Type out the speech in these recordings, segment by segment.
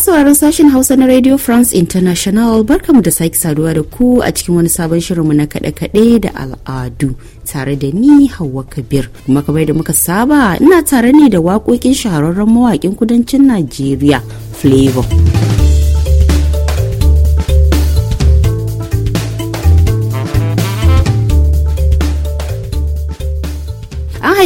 sauraron sashen hausa na radio france international barkamu da sake saduwa da ku a cikin wani sabon shirinmu na kaɗe-kaɗe da al'adu tare da ni hawa kabir kuma kamar da muka saba ina tare ne da waƙoƙin shahararren mawaƙin kudancin najeriya flavor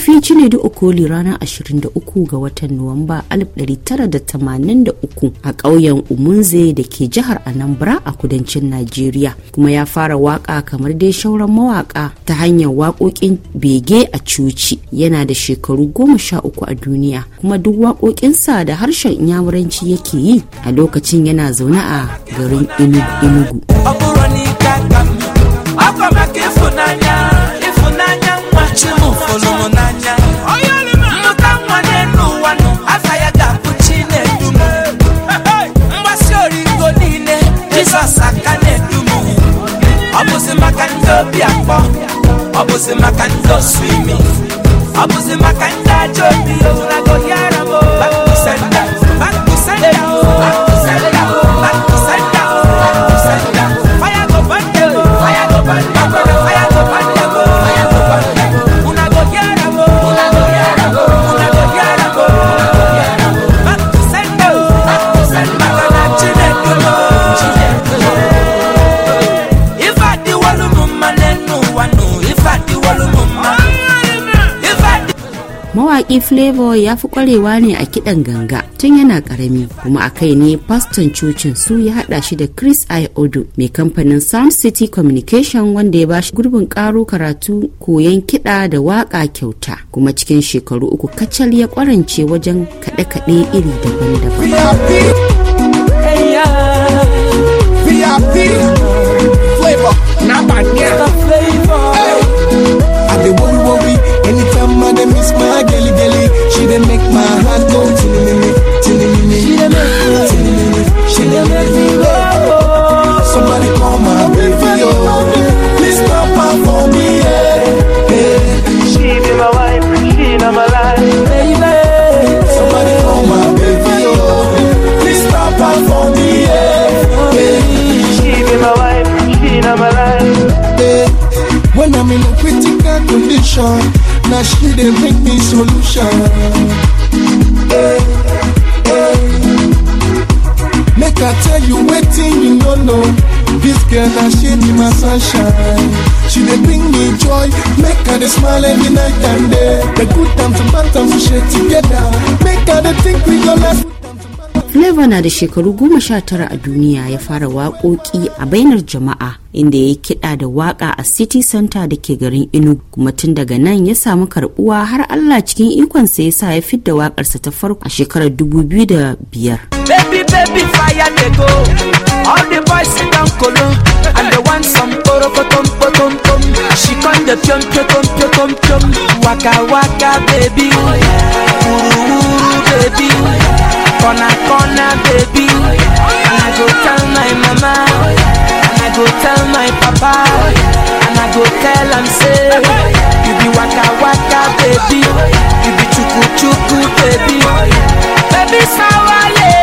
cine da Okoli ranar 23 ga watan Nuwamba 1983 a ƙauyen Umunze da ke jihar Anambra a kudancin Najeriya kuma ya fara waka kamar dai shauran mawaka ta hanyar waƙoƙin bege a cuci yana da shekaru goma sha uku a duniya kuma duk waƙoƙinsa da harshen inyamuranci yake yi a lokacin yana zaune a garin Enugu. ga-apụchi m ụfụlụ m n'anya mmụta nwa n'elu ụwa nụ afa ya Baƙi Flavor ya fi kwarewa ne a kiɗan ganga tun yana karami kuma a kai ne faston cocin su ya haɗa shi da Chris I. mai kamfanin Sound City Communication wanda ya bashi gurbin ƙaro karatu koyon kiɗa da waƙa kyauta kuma cikin shekaru uku kacal ya kwarance wajen kaɗe-kaɗe iri daban-daban. My heart go to to Flavor na da shekaru goma sha tara a duniya ya fara waƙoƙi a bainar jama'a inda ya yi kiɗa da waƙa a City Center da ke garin Enugu kuma tun daga nan ya samu karɓuwa har Allah cikin ikonsa ya sa ya fidda waƙarsa ta farko a shekarar 2005. Baby baby fire waka waka baby, yeah. Ooh, baby. Oh, yeah. corner corner baby oh, yeah. and i go tell my mama oh, yeah. and i go tell my papa oh, yeah. and i go tell am say you be waka waka baby you be chuku chuku baby baby sawale.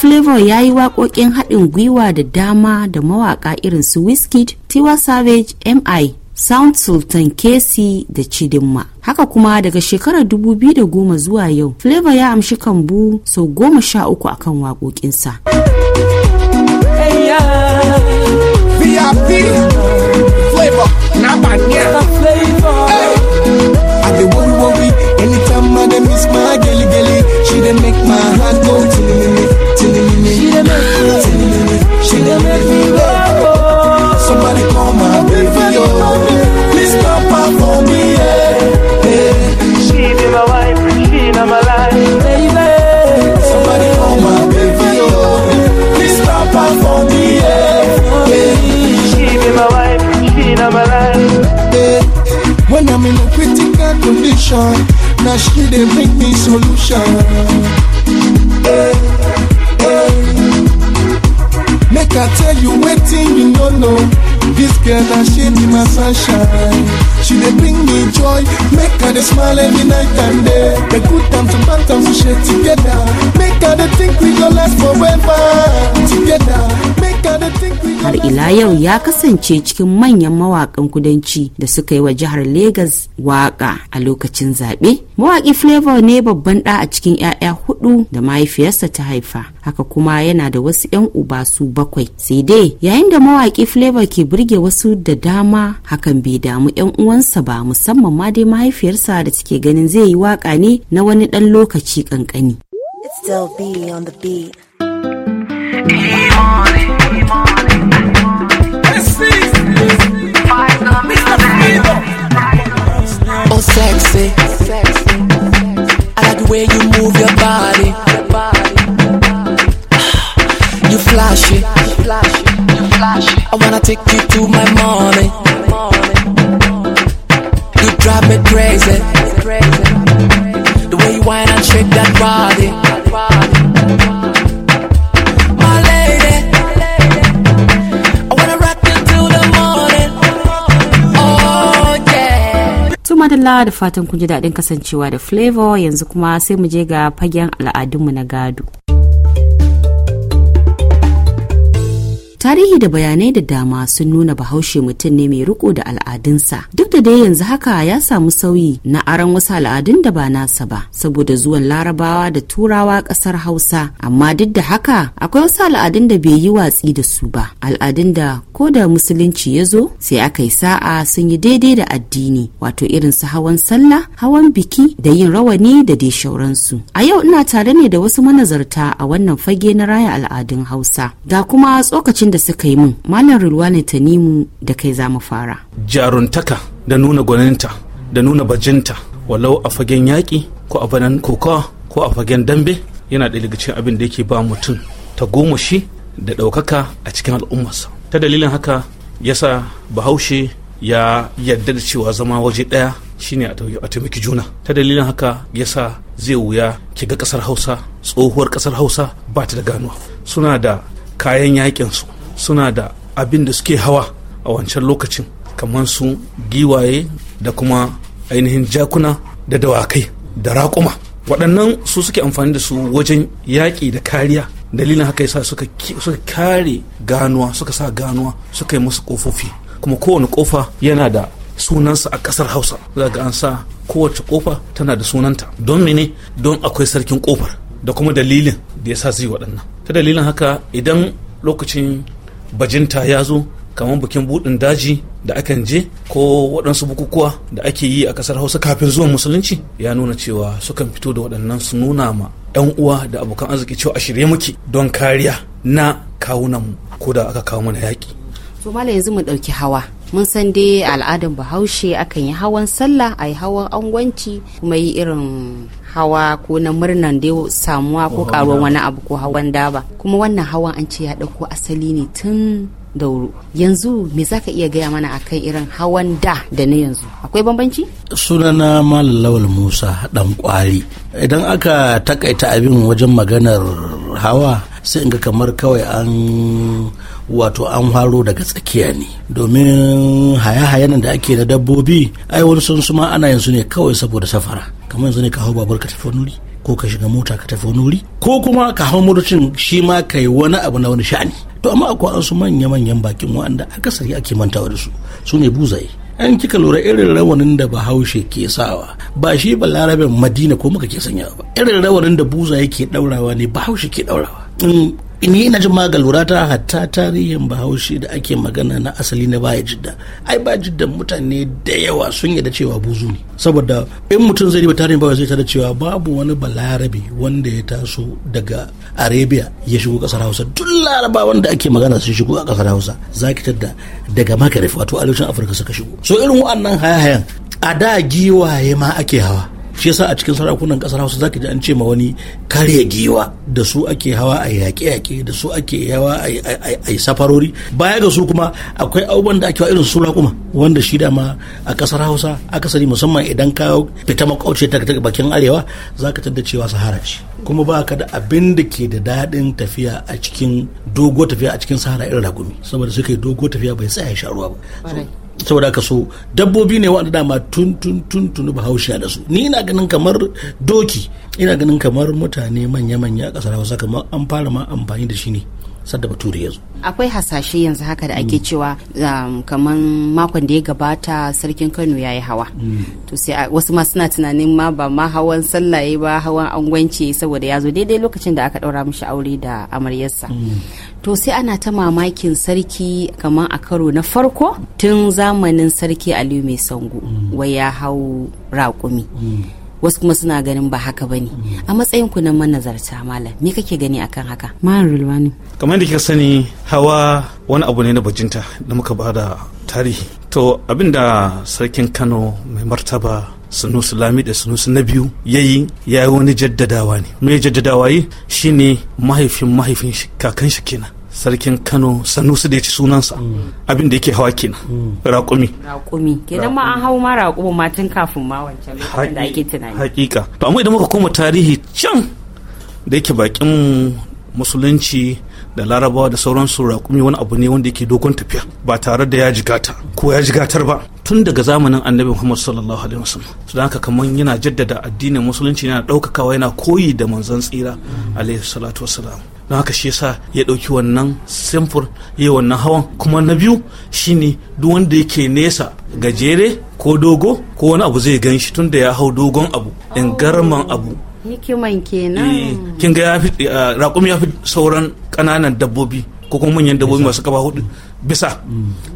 flavor ya yi waƙoƙin haɗin gwiwa da dama da mawaƙa irin su whiskey Tiwa Savage, MI, Sound Sultan Kesi da chidimma Haka kuma daga shekarar 2010 zuwa yau, Flavor ya amshi kambu sau goma sha uku akan waƙoƙinsa. Anytime make my heart go solution. Now she they make me solution. Hey, hey. Make I tell you waiting, you don't know. This girl that she be my sunshine. She they bring me joy, make her they smile every night and day. The good times and bad times we share together. Make her they think we gon' last forever together. har ila yau ya kasance cikin manyan mawakan kudanci da suka yi wa jihar Legas waka a lokacin zaɓe. Mawaki Flavor ne babban ɗa a cikin 'ya'ya hudu da mahaifiyarsa ta haifa. Haka kuma yana da wasu 'yan uba su bakwai. Sai dai yayin da mawaki Flavor ke burge wasu da dama hakan bai damu 'yan uwansa ba musamman ma dai mahaifiyarsa da suke ganin zai yi waka ne na wani ɗan lokaci ƙanƙani. Oh, sexy. I like the way you move your body. You flashy. I wanna take you to my Madalla da fatan kun ji daɗin kasancewa da Flavor yanzu kuma sai mu je ga fagen al'adunmu na gado. Tarihi da bayanai da dama sun nuna bahaushe mutum ne mai riko da al'adunsa. Duk da dai yanzu haka ya samu sauyi na aron wasu al'adun da ba nasa ba saboda zuwan larabawa da turawa ƙasar Hausa. Amma duk da haka akwai wasu al'adun da bai yi watsi da su ba. Al'adun da ko da musulunci ya zo sai aka yi sa'a sun yi daidai da addini wato irin su hawan sallah, hawan biki da yin rawani da dai shauransu. A yau ina tare ne da wasu manazarta a wannan fage na raya al'adun Hausa. Ga kuma tsokacin da da suka yi min malam ta nimu da kai za mu fara jaruntaka da nuna gwaninta da nuna bajinta walau a fagen yaƙi ko a banan kokawa ko a fagen dambe yana da daga cikin abin da yake ba mutum ta goma shi da ɗaukaka a cikin al'ummarsa ta dalilin haka yasa bahaushe ya yarda da cewa zama waje ɗaya shine a taimaki juna ta dalilin haka yasa zai wuya ki ga ƙasar hausa tsohuwar ƙasar hausa ba ta da ganuwa suna da kayan yaƙinsu suna da abin da suke hawa a wancan lokacin kamar su giwaye da kuma ainihin jakuna da dawakai da raƙuma waɗannan su suke amfani da su wajen yaƙi da kariya dalilin haka yasa suka suka kare ganuwa suka sa ganuwa suka yi musu ƙofofi kuma kowane ƙofa yana da sunansa a ƙasar hausa za ga an sa kowace ƙofa tana da sunanta don mene don akwai sarkin ƙofar da kuma dalilin da yasa zai waɗannan ta dalilin haka idan lokacin bajinta ya zo kamar bikin buɗin daji da akan je ko waɗansu bukukuwa da ake yi a ƙasar hausa kafin zuwan musulunci ya nuna cewa sukan fito da waɗannan su nuna ma 'yan uwa da abokan arziki cewa a shirye muke don kariya na kawunanmu ko da aka kawo mana yaƙi. to yanzu mu ɗauki hawa mun san dai al'adar bahaushe akan yi hawan sallah a yi hawan angwanci kuma yi irin hawa ko na murnan dai samuwa ko karuwan wani abu ko hawan daba kuma wannan hawan an ce ya ɗauko asali ne tun dauro yanzu me za ka iya gaya mana akan irin hawan da da na yanzu akwai bambanci sunana malam lawal musa dan kwari idan aka takaita abin wajen maganar hawa sai in ga kamar kawai an wato an haro daga tsakiya ne domin haya-hayan da ake da dabbobi ai wani sun suma ana yanzu ne kawai saboda safara kamar yanzu ne ka hau babur ka tafi nuri ko ka shiga mota ka tafi nuri ko kuma ka hau motocin shi ma ka wani abu na wani sha'ani to amma akwai wasu manya-manyan bakin wa'anda akasari ake mantawa da su su ne buzaye an kika lura irin rawanin da bahaushe ke sawa ba shi ba larabin madina ko muka ke sanyawa ba irin rawanin da buza ke daurawa ne bahaushe ke daurawa yi na jima maga lura ta hatta tarihin bahaushe da ake magana na asali na baya jidda ai ba jidda mutane da yawa sun da cewa buzu ne saboda in mutum zai riba tarihin bahaushe zai tada cewa babu wani Balarabi, wanda ya taso daga arabia ya shigo kasar hausa duk laraba wanda ake magana sun shigo a kasar hausa ki tada daga makarif wato arewacin afirka suka shigo so irin wa'annan hayayen a da giwaye ma ake hawa shi yasa a cikin sarakunan kasar hausa zaka ji an ce ma wani karya giwa da su ake hawa a yaƙe-yaƙe da su ake hawa a safarori baya ga su kuma akwai abubuwan da ake wa irin su raƙuma wanda shi dama a kasar hausa aka sani musamman idan ka fita makauce ta bakin arewa zaka tada cewa sahara ce kuma ba ka da abin da ke da daɗin tafiya a cikin dogo tafiya a cikin sahara irin ragumi saboda suka yi dogo tafiya bai tsaya sha ruwa ba saboda ka so dabbobi ne waɗanda dama tun tun tun tun ba haushiya da su ni ina ganin kamar doki ina ganin kamar mutane manya manya a kasar hausa kamar an fara ma amfani da shi ne sadda bature ya akwai hasashe yanzu haka da ake mm. cewa um, kamar makon da ya gabata sarkin kano ya yi hawa mm. to sai wasu ma suna tunanin ma ba ma hawan sallaye ba hawan angwance saboda ya zo daidai lokacin da aka ɗaura mishi aure da amaryarsa mm. to sai ana ta mamakin sarki kamar a karo na farko tun zamanin sarki aliyu mai sango mm. wai ya hau raƙumi mm. wasu kuma suna ganin ba haka ba ne mm. a matsayin ku na manazarta malam me kake gani akan haka malam rulwani kamar yadda kika sani hawa wani abu ne na bajinta da muka ba da tarihi to abinda sarkin kano mai martaba sunusu lami da sunusu na biyu ya yi ya yi wani jaddadawa ne mai jaddadawa yi shine mahaifin mahaifin kakan shi kenan sarkin kano sanusi da ya ci sunansa mm. Abinda yake hawa kenan mm. raƙumi raƙumi kenan ma an hau ma raƙumi ma tun kafin ma wancan da ake tunani hakika to amma idan muka koma tarihi can da yake bakin musulunci da larabawa da sauransu raƙumi wani abu ne wanda yake dogon tafiya ba tare da ya jigata ko ya jigatar ba tun daga zamanin annabi muhammad sallallahu alaihi wasallam su haka kamar yana jaddada addinin musulunci yana ɗaukakawa yana koyi da manzon tsira mm. alaihi salatu wasalam don haka shi yasa ya ɗauki wannan simfur ya wannan hawan kuma na biyu shi ne duk wanda yake nesa gajere ko dogo ko wani abu zai gan shi tunda ya hau dogon abu in garman abu hikiman kenan eh, kin ga eh, ya fi sauran ƙananan dabbobi ko kuma manyan dabbobi masu kaba hudu bisa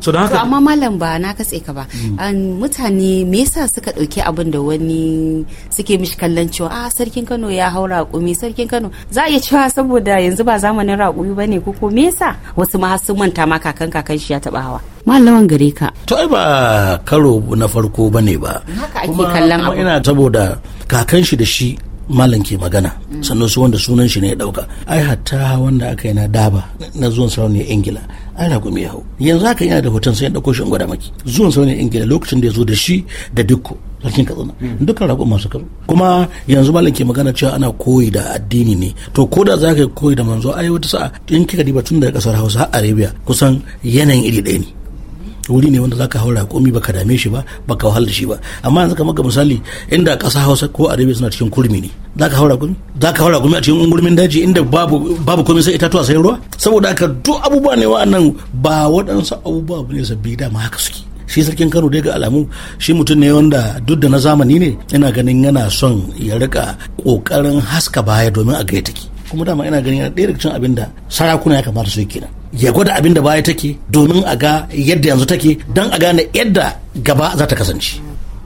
so don haka amma malam ba na katse ka ba hmm. mutane me yasa suka ɗauki abin da wani suke mishi kallon cewa a ah, sarkin Kano ya hau raƙumi sarkin Kano za a iya cewa saboda yanzu ba zamanin raƙumi bane ko ko me yasa wasu ma sun manta ma kakan kakan shi ya taba hawa malawan gare ka to ai ba karo na farko bane ba haka ake kallon abu ina saboda kakan shi da shi malam ke magana sannan su wanda sunan shi ne ya dauka ai hatta wanda aka yi na daba na zuwan sarauniyar ingila ai ragumi ya hau yanzu haka yana da hoton sai ya dauko shi gwada maki zuwan sarauniyar ingila lokacin da ya zo da shi da dukko sarkin katsina dukkan rago masu karu kuma yanzu malam ke magana cewa ana koyi da addini ne to ko da za ka koyi da manzo ai wata sa'a in kika diba tun daga kasar hausa har arabia kusan yanayin iri ɗaya ne wuri ne wanda zaka haura komi baka dame shi ba baka wahala da shi ba amma yanzu kamar ga misali inda ƙasa Hausa ko Arabiya suna cikin kurmi ne zaka haura komi zaka haura komi a cikin ungurmin daji inda babu babu komai sai itatuwa sai ruwa saboda haka duk abubuwa ne wa'annan ba waɗansu abubuwa ne sabbi ma haka suke shi sarkin kano dai ga alamu shi mutum ne wanda duk da na zamani ne ina ganin yana son ya rika kokarin haska baya domin a gaitaki kuma dama ina ganin yana ɗaya daga cikin abin da sarakuna ya kamata su yi kenan ya gwada abin da baya take domin a ga yadda yanzu take don a gane yadda gaba za ta kasance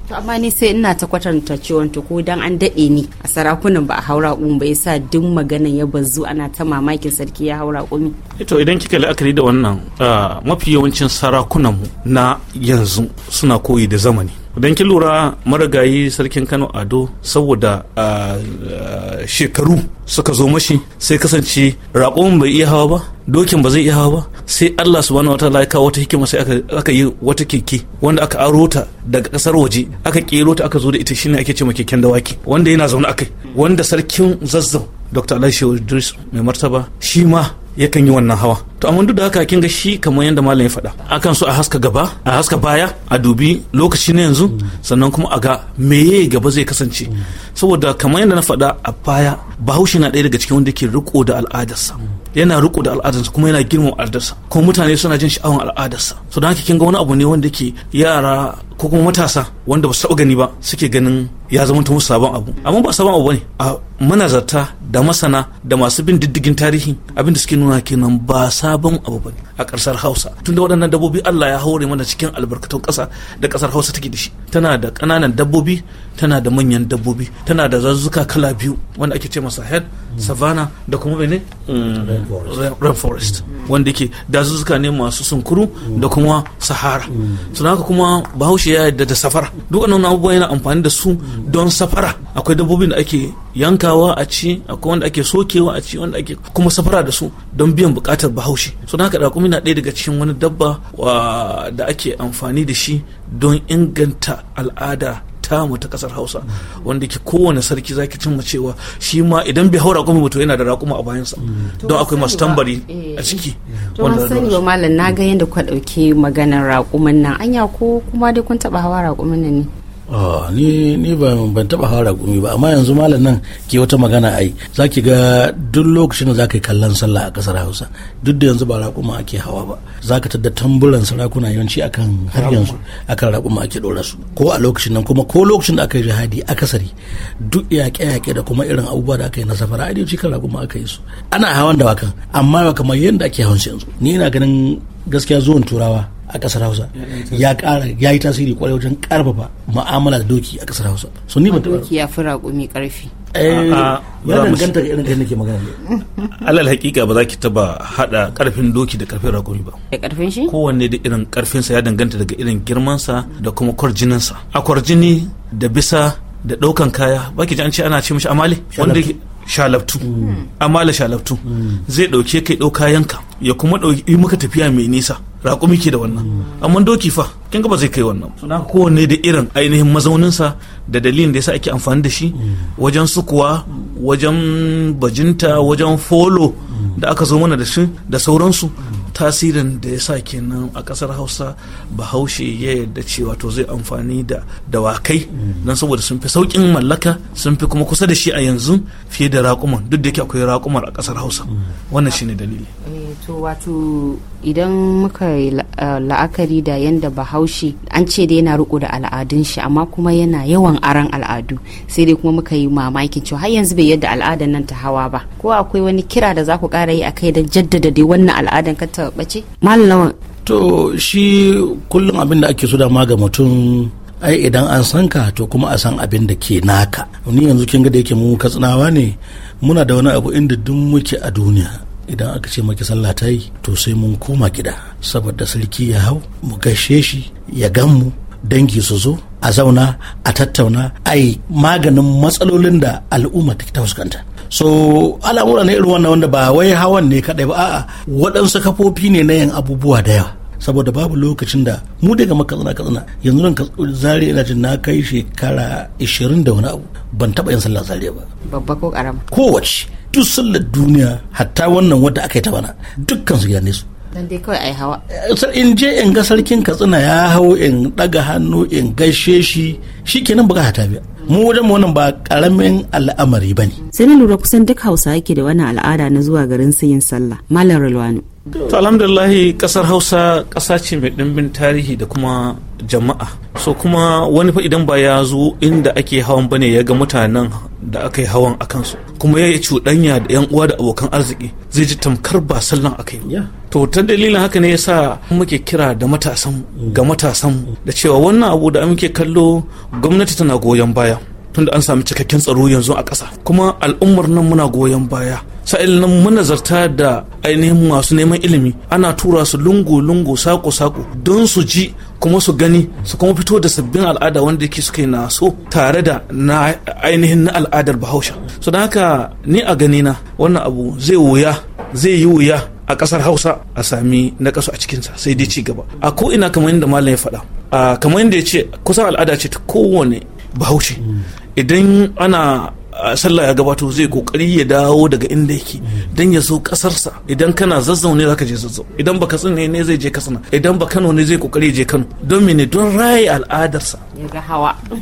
to amma ni sai ina ta kwatanta ciwon ko dan an daɗe ni a sarakunan ba a haura ƙun ba yasa duk maganan ya bazu ana ta mamakin sarki ya haura ƙumi eh to idan kika la'akari da wannan ah, mafi yawancin sarakunan mu na yanzu suna koyi da zamani idan kin lura marigayi sarkin kano ado saboda ah, ah, shekaru suka zo mashi sai kasance raƙon bai iya hawa ba dokin ba zai iya hawa ba sai Allah subhanahu wata ya kawo wata hikima sai aka yi wata keke wanda aka aro ta daga kasar waje aka kero ta aka zo da ita shine ake cewa keken dawaki wanda yana zaune akai wanda sarkin zazzau Dr. Alhaji Shehu Idris mai martaba shi ma yakan yi wannan hawa to amma duk da haka kin ga shi kamar yadda malam ya faɗa akan so a haska gaba a haska baya a dubi lokaci na yanzu sannan kuma a ga meye gaba zai kasance saboda kamar yadda na faɗa a baya bahaushe na ɗaya daga cikin wanda ke riko da al'adarsa yana riko da al'adarsa kuma yana girmama al'adarsa kuma mutane suna jin sha'awar al'adarsa so don haka kin ga wani abu ne wanda ke yara ko kuma matasa wanda ba su taɓa gani ba suke ganin ya zama musu sabon abu amma ba sabon abu ne a manazarta da masana da masu bin diddigin tarihi abin da suke nuna kenan ba sabon abu bane a ƙasar Hausa tunda waɗannan dabbobi Allah ya haure mana cikin albarkatun ƙasa da ƙasar Hausa take da shi tana da ƙananan dabbobi tana da manyan dabbobi tana da zazzuka kala biyu wanda ake ce masa head savanna da kuma bene rainforest wanda yake dazuzzuka ne masu sunkuru da kuma sahara sannan haka kuma bahaushe shi ya yadda da safara duk wannan abubuwa yana amfani da su don safara akwai dabbobin da ake yankawa a ci akwai wanda ake sokewa a ci wanda ake kuma safara da su don biyan bukatar bahaushe so haka kuma yana ɗaya daga cikin wani dabba da ake amfani da shi don inganta al'ada tamu ta kasar hausa wanda ke kowane sarki zaki cimma cewa shi ma idan bai haura kuma mutu yana da raƙuma a bayansa mm. don akwai masu tambari a eh. ciki wanda sani ba malam na ga yadda ku ɗauki maganar raƙuman nan anya ko kuma dai kun taɓa hawa raƙuman nan ne Ah, ni ni ban ban taba hawa rakumi ba amma yanzu malam nan ke wata magana ai zaki ga duk lokacin da zaka yi kallon sallah a kasar Hausa duk da yanzu ba raƙuma ake hawa ba zaka tada tamburan sarakuna yawanci akan har yanzu akan raƙuma ake dora su ko a lokacin nan kuma ko lokacin da aka yi jihadi akasari duk yaƙe-yaƙe da kuma irin abubuwa da aka yi na safara a yawanci kan raƙuma aka yi su ana hawan dawakan amma kamar yadda ake hawan su yanzu ni ina ganin gaskiya zuwan turawa a kasar hausa ya kara ya yi tasiri kwarai wajen karfafa mu'amala da doki a kasar hausa so ni ban taɓa doki ya fi raƙumi ƙarfi eh, ya danganta ga irin kai nake magana ne alal hakika ba za ki taba hada karfin doki da karfin raƙumi ba da karfin shi kowanne da irin karfinsa ya danganta daga irin girmansa da kuma kwarjininsa a kwarjini da bisa da ɗaukan kaya baki ji an ce ana ce mishi amale wanda shalaftu hmm. amale shalaftu hmm. zai ɗauke kai ɗau kayanka ya kuma ɗauki muka tafiya mai nisa raƙumi ke da wannan amma doki fa kin ga ba zai kai wannan na kowanne da irin ainihin mazauninsa da dalilin da yasa ake amfani da shi wajen sukuwa wajen bajinta wajen folo da aka zo mana da shi da sauransu tasirin da ya sa kenan a ƙasar hausa bahaushe ya yarda cewa to zai amfani da dawakai don saboda sun fi saukin mallaka sun fi kuma kusa da shi a yanzu fiye da raƙuman duk da yake akwai raƙuman a kasar hausa wannan shine dalili eh, to idan muka yi eh, la'akari da yadda bahaushe an ce da yana riko da al'adun shi amma kuma yana yawan aran al'adu sai dai kuma muka yi mamakin cewa har yanzu bai yadda al'adan nan ta hawa ba ko akwai wani kira da za ku kara yi akai don jaddada dai wannan al'adan ka ta bace malam to shi kullum abin da ake so da ga mutum ai idan an san ka to kuma a san abin da ke naka ni yanzu kin ga da yake mu katsinawa ne muna da wani abu inda duk muke a duniya idan aka ce maki sallah ta yi to sai mun koma gida saboda sarki ya hau mu gaishe shi ya gan mu dangi su zo a zauna a tattauna ai maganin matsalolin da al'umma ta fuskanta so al'amura na irin wannan wanda ba wai hawan ne kadai ba a'a waɗansu kafofi ne na yin abubuwa da yawa saboda babu lokacin da mu daga makazana kazana yanzu nan zari ina jin na kai shekara 20 da wani abu ban taba yin sallah ba babba ko karama kowace duk sallar duniya hatta wannan wadda aka yi ta bana dukkan su gane su in je in ga sarkin katsina ya hau in daga hannu in gaishe shi shi shikenan buga hata biya mu wajen wannan ba karamin al'amari ba ne. sai na lura kusan duk hausa yake da wani al'ada na zuwa garin sayin sallah malam rulwani to alhamdulillah kasar hausa kasa ce mai ɗimbin tarihi da kuma jama'a so kuma wani fa idan ba ya zo inda ake hawan bane ya ga mutanen da aka yi hawan a su kuma ya yi cuɗanya da yan uwa da abokan arziki zai ji tamkar ba sallan aka yi to ta dalilin haka ne yasa muke kira da matasan ga matasan da cewa wannan abu da muke kallo gwamnati tana goyon baya tunda an samu cikakken tsaro yanzu a ƙasa kuma al'ummar nan muna goyon baya sa'il nan manazarta da ainihin masu neman ilimi ana tura su lungu-lungu sako-sako don su ji kuma su gani su kuma fito da sabbin al'ada wanda yake suke na so tare da na ainihin na al'adar bahaushe so don haka ni a gani na wannan abu zai wuya zai yi wuya a ƙasar hausa a sami na ƙasa a cikinsa sai dai ci gaba a ko ina kamar yadda malam ya faɗa a kamar yadda ya ce kusan al'ada ce ta kowane bahaushe idan ana a sallah ya gabato zai kokari ya dawo daga inda yake dan ya zo kasarsa idan kana zazzau ne zaka je zazzau idan baka tsine ne zai je kasana idan ba Kano ne zai kokari je Kano don mene don raye al'adarsa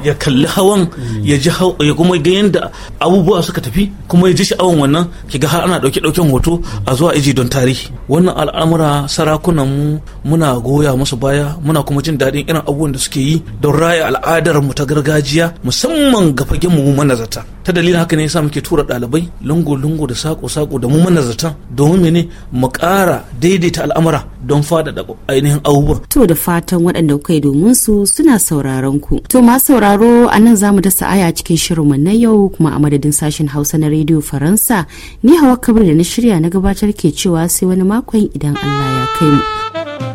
ya kalli hawan hmm. ya ji ya kuma ga yanda abubuwa suka tafi kuma ya ji sha'awan wannan ki ga har ana dauke dauken hoto a zuwa iji don tarihi wannan al'amura sarakunan mu muna goya musu baya muna kuma jin daɗin irin abubuwan da suke yi don raye al'adar mu ta gargajiya musamman ga fagen mu manazarta ta dalilin haka ne yasa muke tura ɗalibai lungu-lungu da sako-sako da mu zaton domin mene mu ƙara daidaita al'amura don faɗaɗa ainihin abubuwa. To da fatan waɗanda kuka yi domin su suna sauraron ku. To ma sauraro a nan za mu dasa aya cikin shirinmu na yau kuma a madadin sashen Hausa na rediyo Faransa ni hawa kabir da na shirya na gabatar ke cewa sai wani makon idan Allah ya kai mu.